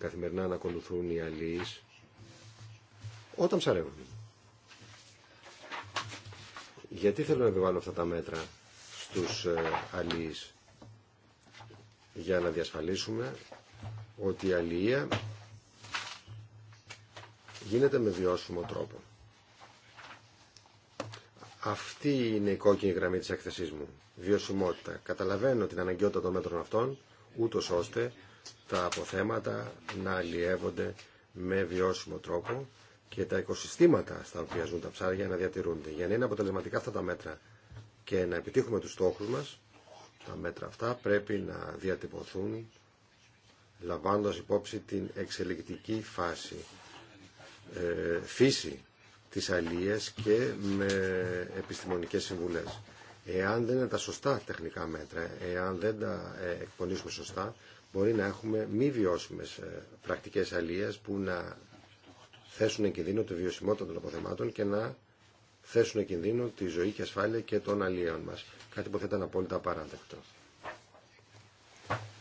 καθημερινά να ακολουθούν οι αλλοίς όταν ψαρεύουν. Γιατί θέλω να επιβάλλω αυτά τα μέτρα στους ε, αλλοίς για να διασφαλίσουμε ότι η αλληλεία γίνεται με βιώσιμο τρόπο. Αυτή είναι η κόκκινη γραμμή της έκθεσής μου. Βιωσιμότητα. Καταλαβαίνω την αναγκαιότητα των μέτρων αυτών, ούτως ώστε τα αποθέματα να αλλιεύονται με βιώσιμο τρόπο και τα οικοσυστήματα στα οποία ζουν τα ψάρια να διατηρούνται. Για να είναι αποτελεσματικά αυτά τα μέτρα και να επιτύχουμε τους στόχους μας, τα μέτρα αυτά πρέπει να διατυπωθούν λαμβάνοντας υπόψη την εξελικτική φάση, ε, φύση της αλίας και με επιστημονικές συμβουλές. Εάν δεν είναι τα σωστά τεχνικά μέτρα, εάν δεν τα ε, εκπονήσουμε σωστά, μπορεί να έχουμε μη βιώσιμες ε, πρακτικές αλίας που να θέσουν εγκυνδύνο κινδύνο τη βιωσιμότητα των αποθεμάτων και να θέσουν εγκυνδύνο τη ζωή και ασφάλεια και των αλλοίων μας. Κάτι που θα ήταν απόλυτα απαράδεκτο.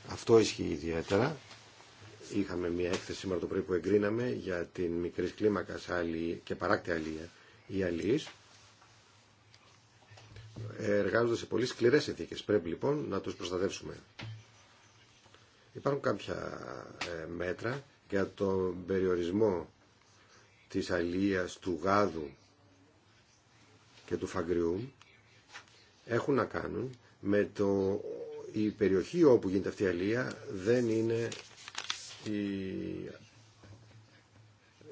Αυτό ισχύει ιδιαίτερα. Είχαμε μια έκθεση σήμερα το πρωί που εγκρίναμε για την μικρή κλίμακα και παράκτη αλλοία ή αλληλείς. Ε, εργάζονται σε πολύ σκληρές συνθήκες. Πρέπει λοιπόν να τους προστατεύσουμε. Υπάρχουν κάποια ε, μέτρα για τον περιορισμό της αλίας, του γάδου και του φαγκριού έχουν να κάνουν με το η περιοχή όπου γίνεται αυτή η αλία δεν είναι η,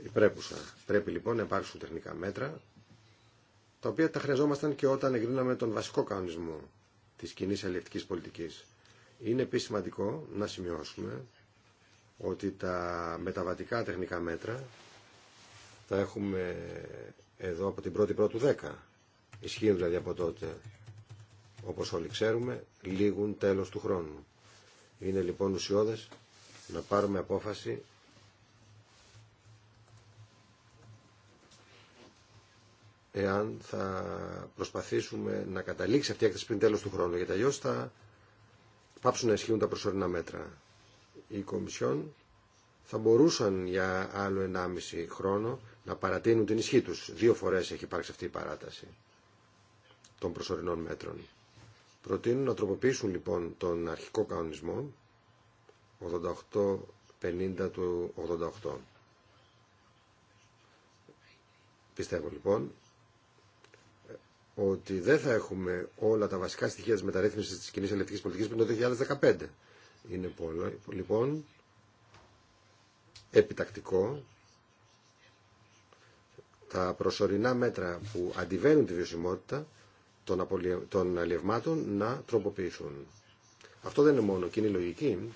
η πρέπουσα. Πρέπει λοιπόν να υπάρξουν τεχνικά μέτρα τα οποία τα χρειαζόμασταν και όταν εγκρίναμε τον βασικό κανονισμό της κοινή αλληλευτικής πολιτικής. Είναι επίσημα σημαντικό να σημειώσουμε ότι τα μεταβατικά τεχνικά μέτρα τα έχουμε εδώ από την 1η πρώτου 10. Ισχύουν δηλαδή από τότε, όπως όλοι ξέρουμε, λίγουν τέλος του χρόνου. Είναι λοιπόν ουσιώδες να πάρουμε απόφαση εάν θα προσπαθήσουμε να καταλήξει αυτή η έκθεση πριν τέλος του χρόνου, ουσιώδε να παρουμε αλλιώς θα πάψουν να ισχύουν τα προσωρινά μέτρα. Η Κομισιόν θα μπορούσαν για άλλο 1,5 χρόνο να παρατείνουν την ισχύ τους. Δύο φορές έχει υπάρξει αυτή η παράταση των προσωρινών μέτρων. Προτείνουν να τροποποιήσουν λοιπόν τον αρχικό κανονισμό 88-50 του 88. Πιστεύω λοιπόν ότι δεν θα έχουμε όλα τα βασικά στοιχεία της μεταρρύθμισης της κοινής ελευθερικής πολιτικής πριν το 2015. Είναι πολλά, λοιπόν επιτακτικό τα προσωρινά μέτρα που αντιβαίνουν τη βιωσιμότητα των αλλιευμάτων να τροποποιηθούν. Αυτό δεν είναι μόνο κοινή λογική,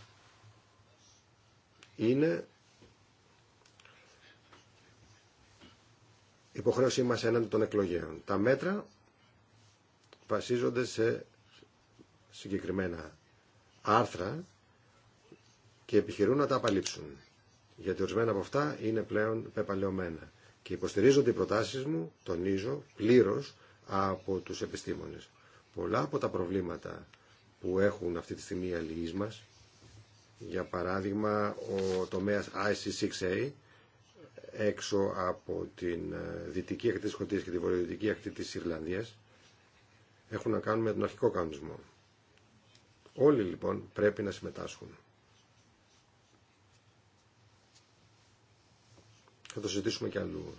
είναι υποχρέωσή μας έναντι των εκλογέων. Τα μέτρα βασίζονται σε συγκεκριμένα άρθρα και επιχειρούν να τα απαλείψουν. Γιατί ορισμένα από αυτά είναι πλέον πεπαλαιωμένα. Και υποστηρίζονται οι προτάσεις μου, τονίζω, πλήρως από τους επιστήμονες. Πολλά από τα προβλήματα που έχουν αυτή τη στιγμή οι μας, για παράδειγμα ο τομέας IC6A, έξω από την ε, δυτική ακτή της και τη βορειοδυτική ακτή της Ιρλανδίας, έχουν να κάνουν με τον αρχικό κανονισμό. Όλοι λοιπόν πρέπει να συμμετάσχουν. Θα το συζητήσουμε και αλλού.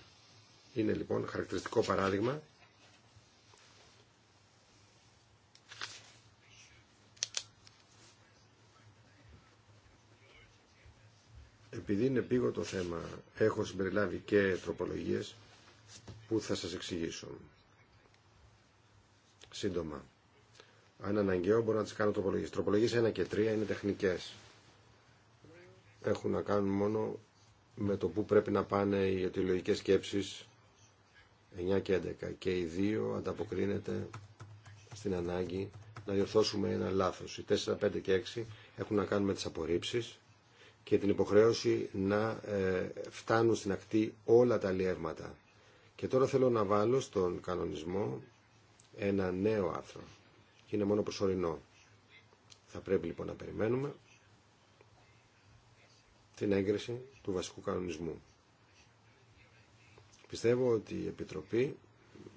Είναι λοιπόν χαρακτηριστικό παράδειγμα επειδή είναι πήγο το θέμα έχω συμπεριλάβει και τροπολογίες που θα σας εξηγήσω σύντομα. Αν αναγκαίο μπορώ να τις κάνω τροπολογίες. Τροπολογίες 1 και 3 είναι τεχνικές. Έχουν να κάνουν μόνο με το που πρέπει να πάνε οι αιτιολογικές σκέψεις 9 και 11. Και οι δύο ανταποκρίνεται στην ανάγκη να διορθώσουμε ένα λάθος. Οι 4, 5 και 6 έχουν να κάνουν με τις απορρίψεις και την υποχρέωση να ε, φτάνουν στην ακτή όλα τα λιεύματα. Και τώρα θέλω να βάλω στον κανονισμό ένα νέο άρθρο και είναι μόνο προσωρινό. Θα πρέπει λοιπόν να περιμένουμε την έγκριση του βασικού κανονισμού. Πιστεύω ότι η Επιτροπή,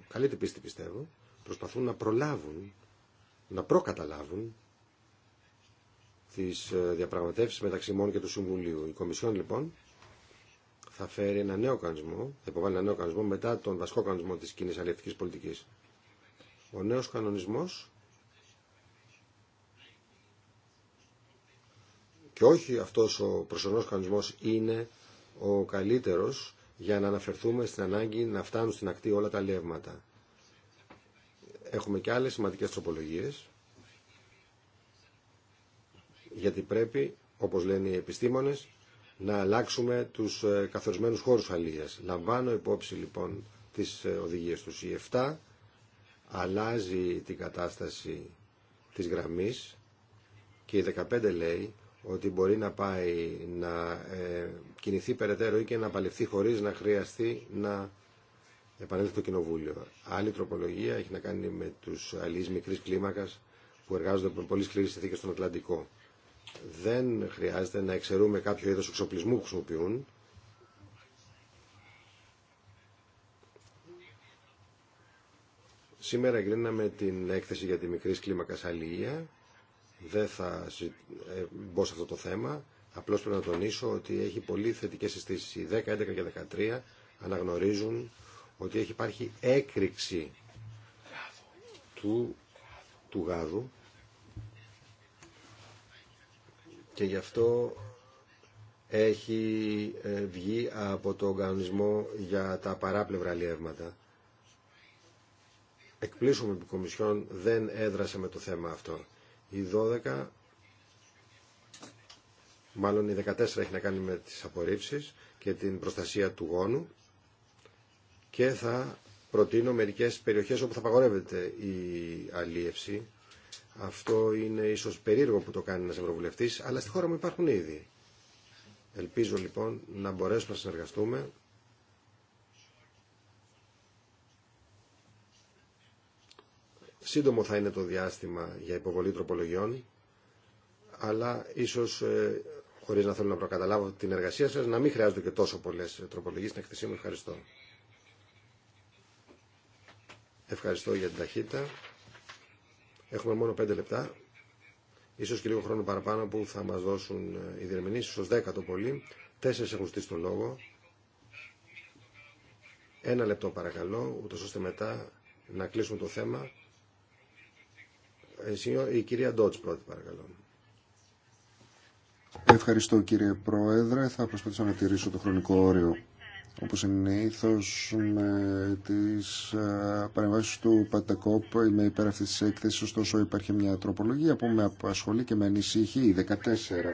καλή την πίστη πιστεύω, προσπαθούν να προλάβουν, να προκαταλάβουν τις ε, διαπραγματεύσεις μεταξύ μόνο και του Συμβουλίου. Η Κομισιόν λοιπόν θα φέρει ένα νέο κανονισμό, θα υποβάλει ένα νέο κανονισμό μετά τον βασικό κανονισμό της κοινή αλληλευτικής πολιτικής. Ο νέος κανονισμός και όχι αυτός ο προσωρινός κανονισμός είναι ο καλύτερος για να αναφερθούμε στην ανάγκη να φτάνουν στην ακτή όλα τα λεύματα. Έχουμε και άλλες σημαντικές τροπολογίες γιατί πρέπει, όπως λένε οι επιστήμονες, να αλλάξουμε τους ε, καθορισμένους χώρους αλίας. Λαμβάνω υπόψη λοιπόν τις ε, οδηγίες του Οι 7 αλλάζει την κατάσταση της γραμμής και η 15 λέει ότι μπορεί να πάει να ε, κινηθεί περαιτέρω ή και να παλευθεί χωρίς να χρειαστεί να επανέλθει το κοινοβούλιο. Άλλη τροπολογία έχει να κάνει με τους αλληλείς μικρής κλίμακας που εργάζονται με πολύ σκληρή συνθήκη στον Ατλαντικό. Δεν χρειάζεται να εξαιρούμε κάποιο είδος εξοπλισμού που χρησιμοποιούν Σήμερα εγκρίναμε την έκθεση για τη μικρή κλίμακα αλληλεία. Δεν θα ε, μπω σε αυτό το θέμα. Απλώς πρέπει να τονίσω ότι έχει πολύ θετικές συστήσεις. Οι 10, 11 και 13 αναγνωρίζουν ότι έχει υπάρχει έκρηξη του, του γάδου και γι' αυτό έχει ε, βγει από τον κανονισμό για τα παράπλευρα αλλιεύματα εκπλήσουμε που η Κομισιόν δεν έδρασε με το θέμα αυτό. Η 12, μάλλον η 14 έχει να κάνει με τις απορρίψεις και την προστασία του γόνου και θα προτείνω μερικές περιοχές όπου θα απαγορεύεται η αλίευση. Αυτό είναι ίσως περίεργο που το κάνει ένας Ευρωβουλευτής, αλλά στη χώρα μου υπάρχουν ήδη. Ελπίζω λοιπόν να μπορέσουμε να συνεργαστούμε Σύντομο θα είναι το διάστημα για υποβολή τροπολογιών, αλλά ίσως ε, χωρίς να θέλω να προκαταλάβω την εργασία σας, να μην χρειάζονται και τόσο πολλές τροπολογίες στην εκθεσή μου. Ευχαριστώ. Ευχαριστώ για την ταχύτητα. Έχουμε μόνο πέντε λεπτά. Ίσως και λίγο χρόνο παραπάνω που θα μας δώσουν ε, οι διερμηνείς, ίσως 10 το πολύ. Τέσσερις έχουν στήσει το λόγο. Ένα λεπτό παρακαλώ, ούτως ώστε μετά να κλείσουμε το θέμα η κυρία Ντότς πρώτη παρακαλώ. Ευχαριστώ κύριε Πρόεδρε. Θα προσπαθήσω να τηρήσω το χρονικό όριο. Όπως συνήθω με τις ε, παρεμβάσεις του ΠΑΤΑΚΟΠ είμαι υπέρ αυτής της έκθεσης, ωστόσο υπάρχει μια τροπολογία που με απασχολεί και με ανησυχεί, η 14,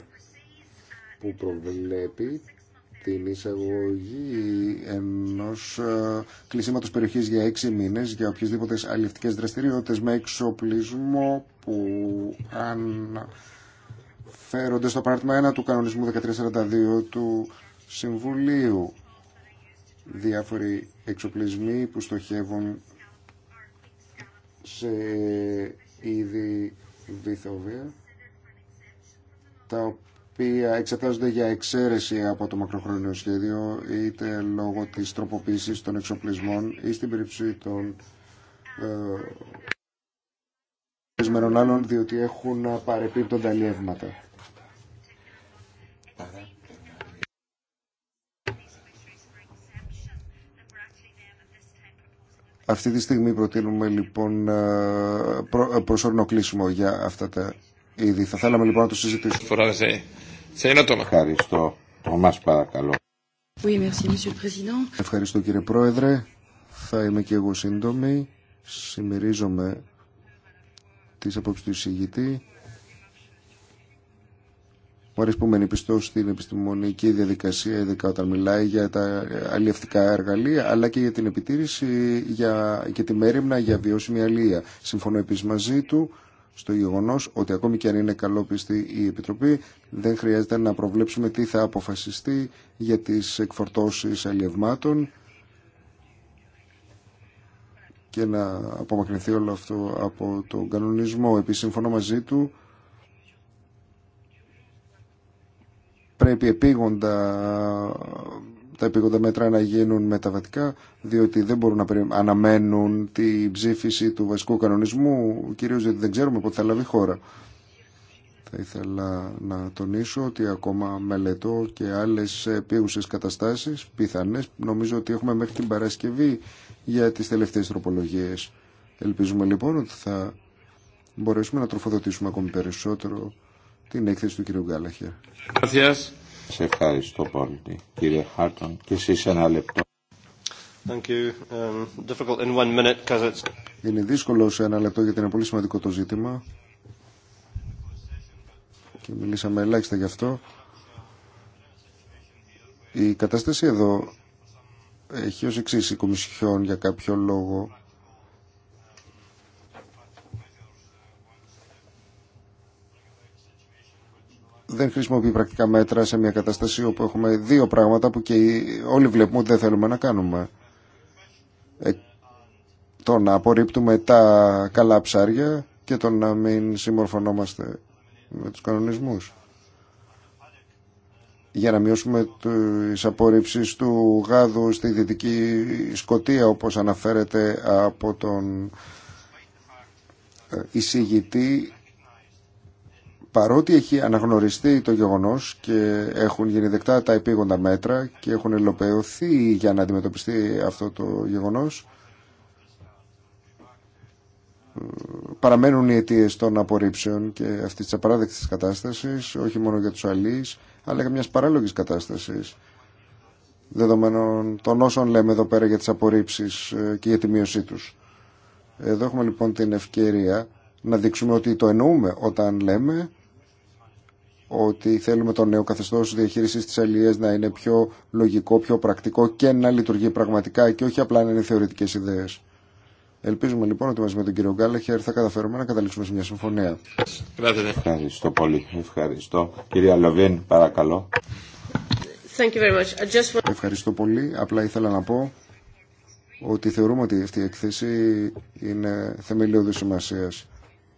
που προβλέπει την εισαγωγή ενό ε, κλεισίματο περιοχής για έξι μήνες για οποιασδήποτε αλληλευτικές δραστηριότητες με εξοπλισμό που αν φέρονται στο παράρτημα 1 του κανονισμού 1342 του Συμβουλίου διάφοροι εξοπλισμοί που στοχεύουν σε είδη βυθοβία τα οποία εξετάζονται για εξαίρεση από το μακροχρόνιο σχέδιο είτε λόγω της τροποποίησης των εξοπλισμών ή στην περίπτωση των εξοπλισμένων άλλων διότι έχουν παρεπίπτοντα λιεύματα. Αυτή τη στιγμή προτείνουμε λοιπόν ε, ε, προσωρινό κλείσιμο για αυτά τα ήδη. Θα θέλαμε λοιπόν να το συζητήσουμε. Ευχαριστώ. μας παρακαλώ. Oui, merci, Ευχαριστώ κύριε Πρόεδρε. Θα είμαι και εγώ σύντομη. Συμμερίζομαι τις απόψεις του εισηγητή. Μου αρέσει που μένει πιστό στην επιστημονική διαδικασία, ειδικά όταν μιλάει για τα αλλιευτικά εργαλεία, αλλά και για την επιτήρηση για, και τη μέρημνα για βιώσιμη αλληλεία. Συμφωνώ επίση μαζί του στο γεγονό ότι ακόμη και αν είναι καλόπιστη η Επιτροπή, δεν χρειάζεται να προβλέψουμε τι θα αποφασιστεί για τι εκφορτώσει αλλιευμάτων και να απομακρυνθεί όλο αυτό από τον κανονισμό. Επίσης, συμφωνώ μαζί του, πρέπει επίγοντα τα επίγοντα μέτρα να γίνουν μεταβατικά, διότι δεν μπορούν να αναμένουν την ψήφιση του βασικού κανονισμού, κυρίως γιατί δεν ξέρουμε πότε θα λάβει η χώρα. Θα ήθελα να τονίσω ότι ακόμα μελετώ και άλλες επίγουσε καταστάσεις, πιθανές. Νομίζω ότι έχουμε μέχρι την Παρασκευή για τις τελευταίες τροπολογίες. Ελπίζουμε λοιπόν ότι θα μπορέσουμε να τροφοδοτήσουμε ακόμη περισσότερο την έκθεση του κ. Γκάλαχερ. Σας ευχαριστώ πολύ κύριε Χάρτον και εσείς ένα λεπτό. Thank you. Um, difficult in one minute, cause it's... Είναι δύσκολο σε ένα λεπτό γιατί είναι πολύ σημαντικό το ζήτημα και μιλήσαμε ελάχιστα γι' αυτό. Η κατάσταση εδώ έχει ως εξής η Κομισιόν για κάποιο λόγο δεν χρησιμοποιεί πρακτικά μέτρα σε μια κατάσταση όπου έχουμε δύο πράγματα που και όλοι βλέπουμε ότι δεν θέλουμε να κάνουμε. Ε, το να απορρίπτουμε τα καλά ψάρια και το να μην συμμορφωνόμαστε με τους κανονισμούς. Για να μειώσουμε τις απορρίψεις του γάδου στη Δυτική Σκοτία όπως αναφέρεται από τον ε, εισηγητή παρότι έχει αναγνωριστεί το γεγονός και έχουν γίνει δεκτά τα επίγοντα μέτρα και έχουν ελοπεωθεί για να αντιμετωπιστεί αυτό το γεγονός, παραμένουν οι αιτίε των απορρίψεων και αυτή τη απαράδεκτη κατάσταση, όχι μόνο για του αλλοί αλλά και μια παράλογη κατάσταση. Δεδομένων των όσων λέμε εδώ πέρα για τι απορρίψει ε, και για τη μείωσή του. Εδώ έχουμε λοιπόν την ευκαιρία να δείξουμε ότι το εννοούμε όταν λέμε ότι θέλουμε το νέο καθεστώς διαχείριση τη αλληλείας να είναι πιο λογικό, πιο πρακτικό και να λειτουργεί πραγματικά και όχι απλά να είναι θεωρητικέ ιδέε. Ελπίζουμε λοιπόν ότι μαζί με τον κύριο Γκάλεχερ θα καταφέρουμε να καταλήξουμε σε μια συμφωνία. Ευχαριστώ πολύ. Ευχαριστώ. Κυρία Λοβίν, παρακαλώ. Ευχαριστώ πολύ. Απλά ήθελα να πω ότι θεωρούμε ότι αυτή η εκθέση είναι θεμελιώδη σημασία.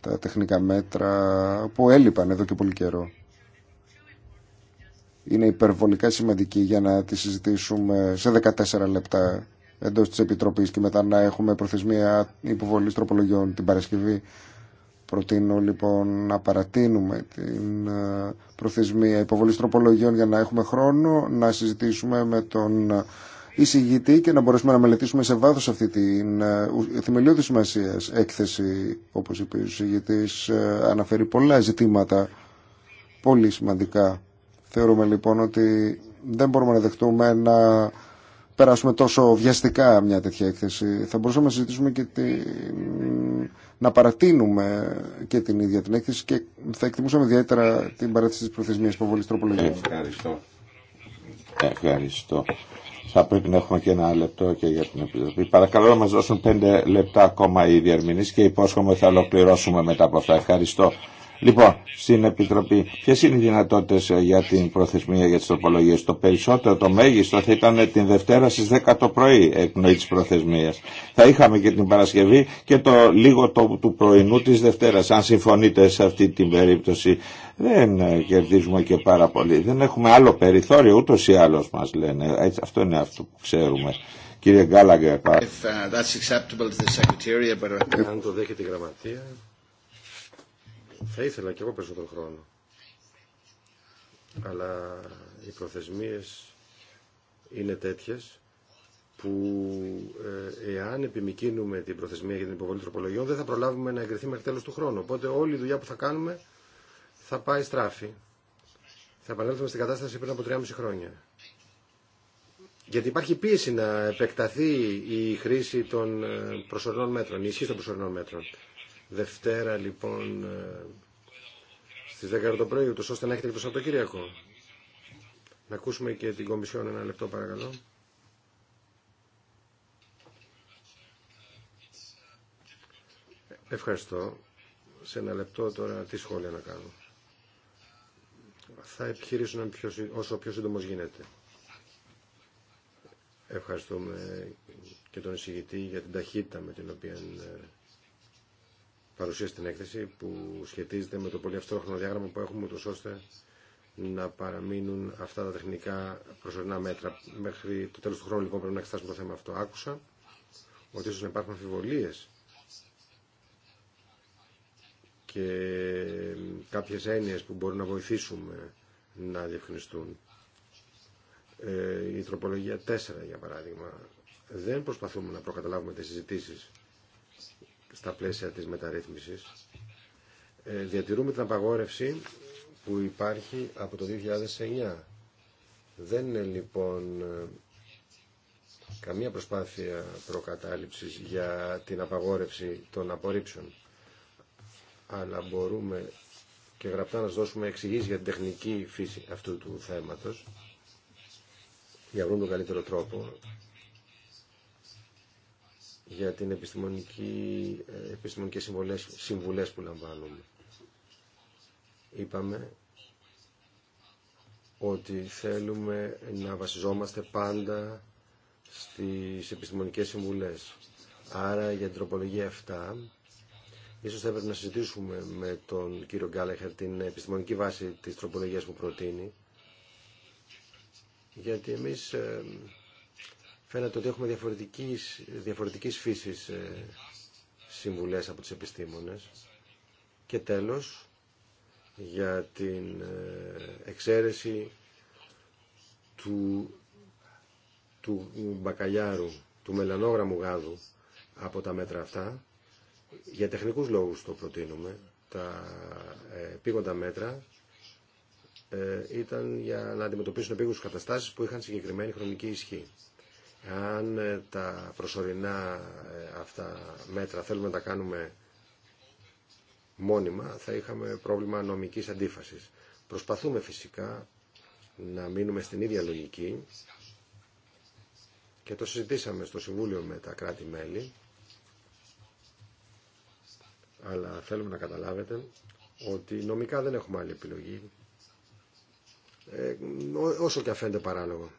Τα τεχνικά μέτρα που έλειπαν εδώ και πολύ καιρό είναι υπερβολικά σημαντική για να τη συζητήσουμε σε 14 λεπτά εντός της Επιτροπής και μετά να έχουμε προθεσμία υποβολής τροπολογιών την Παρασκευή. Προτείνω λοιπόν να παρατείνουμε την ε, προθεσμία υποβολής τροπολογιών για να έχουμε χρόνο να συζητήσουμε με τον εισηγητή και να μπορέσουμε να μελετήσουμε σε βάθος αυτή την ε, θεμελιώδη σημασία έκθεση, όπως είπε ο εισηγητής, ε, αναφέρει πολλά ζητήματα πολύ σημαντικά Θεωρούμε λοιπόν ότι δεν μπορούμε να δεχτούμε να περάσουμε τόσο βιαστικά μια τέτοια έκθεση. Θα μπορούσαμε να συζητήσουμε και τη... να παρατείνουμε και την ίδια την έκθεση και θα εκτιμούσαμε ιδιαίτερα την παράτηση τη προθεσμίας υποβολή Τροπολογία. Ευχαριστώ. Ευχαριστώ. Θα πρέπει να έχουμε και ένα λεπτό και για την Επιτροπή. Παρακαλώ να μας δώσουν πέντε λεπτά ακόμα οι διερμηνείς και υπόσχομαι ότι θα ολοκληρώσουμε μετά από αυτά. Ευχαριστώ. Λοιπόν, στην Επιτροπή, ποιε είναι οι δυνατότητε ε, για την προθεσμία για τι τροπολογίε. Το περισσότερο, το μέγιστο θα ήταν την Δευτέρα στι 10 το πρωί εκνοή τη προθεσμία. Θα είχαμε και την Παρασκευή και το λίγο το, του πρωινού τη Δευτέρα. Αν συμφωνείτε σε αυτή την περίπτωση, δεν ε, κερδίζουμε και πάρα πολύ. Δεν έχουμε άλλο περιθώριο, ούτω ή άλλω μα λένε. αυτό είναι αυτό που ξέρουμε. Κύριε Γκάλαγκερ, uh, uh, Αν το δέχεται η γραμματεία, θα ήθελα και εγώ περισσότερο χρόνο. Αλλά οι προθεσμίες είναι τέτοιες που ε, εάν επιμικρύνουμε την προθεσμία για την υποβολή τροπολογιών δεν θα προλάβουμε να εγκριθεί μέχρι τέλος του χρόνου. Οπότε όλη η δουλειά που θα κάνουμε θα πάει στράφη. Θα επανέλθουμε στην κατάσταση πριν από 3,5 χρόνια. Γιατί υπάρχει πίεση να επεκταθεί η χρήση των ε, προσωρινών μέτρων, η ισχύ των προσωρινών μέτρων. Δευτέρα λοιπόν ε, στις 10 το πρωί, ούτως ώστε να έχετε σαν το Κυριακό. Να ακούσουμε και την Κομισιόν ένα λεπτό παρακαλώ. Ευχαριστώ. Σε ένα λεπτό τώρα τι σχόλια να κάνω. Θα επιχειρήσω όσο πιο σύντομο γίνεται. Ευχαριστούμε και τον εισηγητή για την ταχύτητα με την οποία ε, Παρουσία στην έκθεση που σχετίζεται με το πολύ αυστηρό χρονοδιάγραμμα που έχουμε ούτως ώστε να παραμείνουν αυτά τα τεχνικά προσωρινά μέτρα. Μέχρι το τέλος του χρόνου λοιπόν πρέπει να εξετάσουμε το θέμα αυτό. Άκουσα ότι ίσως να υπάρχουν αμφιβολίες και κάποιες έννοιες που μπορούν να βοηθήσουμε να διευκρινιστούν. Ε, η τροπολογία 4 για παράδειγμα. Δεν προσπαθούμε να προκαταλάβουμε τις συζητήσεις στα πλαίσια της μεταρρύθμισης. Ε, διατηρούμε την απαγόρευση που υπάρχει από το 2009. Δεν είναι λοιπόν ε, καμία προσπάθεια προκατάληψης για την απαγόρευση των απορρίψεων. Αλλά μπορούμε και γραπτά να σας δώσουμε εξηγήσεις για την τεχνική φύση αυτού του θέματος για να βρούμε τον καλύτερο τρόπο για την επιστημονική, ε, επιστημονικές συμβουλές, συμβουλές που λαμβάνουμε. Είπαμε ότι θέλουμε να βασιζόμαστε πάντα στις επιστημονικές συμβουλές. Άρα για την τροπολογία 7, ίσως θα έπρεπε να συζητήσουμε με τον κύριο Γκάλεχερ την επιστημονική βάση της τροπολογίας που προτείνει, γιατί εμείς ε, Φαίνεται ότι έχουμε διαφορετικής, διαφορετικής φύσης ε, συμβουλές από τους επιστήμονες. Και τέλος, για την ε, εξαίρεση του, του μπακαλιάρου, του μελανόγραμμου γάδου από τα μέτρα αυτά. Για τεχνικούς λόγους το προτείνουμε. Τα ε, πήγοντα μέτρα ήταν για να αντιμετωπίσουν επίγουσες καταστάσεις που είχαν συγκεκριμένη χρονική ισχύ. Αν ε, τα προσωρινά ε, αυτά μέτρα θέλουμε να τα κάνουμε μόνιμα, θα είχαμε πρόβλημα νομικής αντίφασης. Προσπαθούμε φυσικά να μείνουμε στην ίδια λογική και το συζητήσαμε στο Συμβούλιο με τα κράτη-μέλη, αλλά θέλουμε να καταλάβετε ότι νομικά δεν έχουμε άλλη επιλογή, ε, όσο και αφαίνεται παράλογο.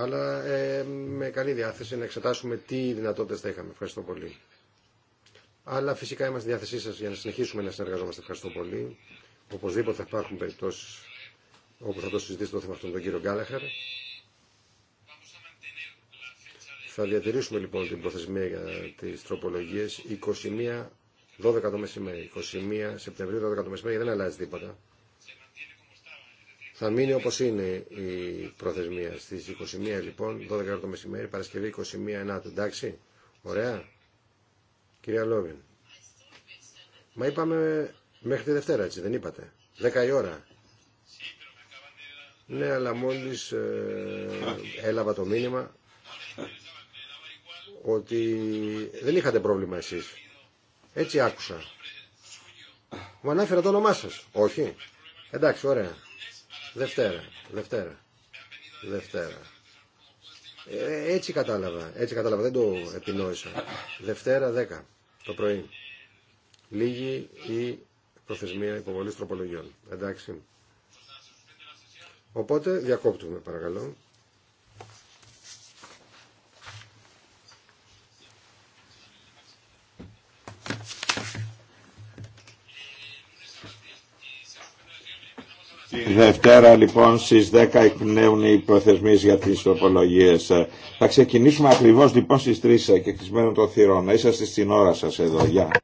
αλλά ε, με καλή διάθεση να εξετάσουμε τι δυνατότητες θα είχαμε. Ευχαριστώ πολύ. Αλλά φυσικά είμαστε στη διάθεσή σας για να συνεχίσουμε να συνεργαζόμαστε. Ευχαριστώ πολύ. Οπωσδήποτε θα υπάρχουν περιπτώσεις όπου θα το συζητήσει το θέμα αυτό με τον κύριο Γκάλαχαρ. Θα διατηρήσουμε λοιπόν την προθεσμία για τις τροπολογίες 21 12 το μεσημέρι, 21 Σεπτεμβρίου 12 το μεσημέρι, δεν αλλάζει τίποτα. Θα μείνει όπως είναι η προθεσμία. Στις 21 λοιπόν, 12 το μεσημέρι, Παρασκευή 21 Ενάτου. Εντάξει, ωραία. Κυρία Λόβιν. Μα είπαμε μέχρι τη Δευτέρα έτσι, δεν είπατε. 10 η ώρα. Ναι, αλλά μόλις ε, έλαβα το μήνυμα ότι δεν είχατε πρόβλημα εσείς. Έτσι άκουσα. Μου ανάφερα το όνομά σας. Όχι. Εντάξει, ωραία. Δευτέρα, Δευτέρα, Δευτέρα. Ε, έτσι κατάλαβα, έτσι κατάλαβα, δεν το επινόησα. Δευτέρα 10 το πρωί. Λίγη η προθεσμία υποβολής τροπολογιών. Εντάξει. Οπότε διακόπτουμε παρακαλώ. Δευτέρα λοιπόν στις 10 εκπνέουν οι προθεσμίες για τις τροπολογίες. Θα ξεκινήσουμε ακριβώς λοιπόν στις 3 ε, και κλεισμένο το θυρών. Να είσαστε στην ώρα σας εδώ. Γεια.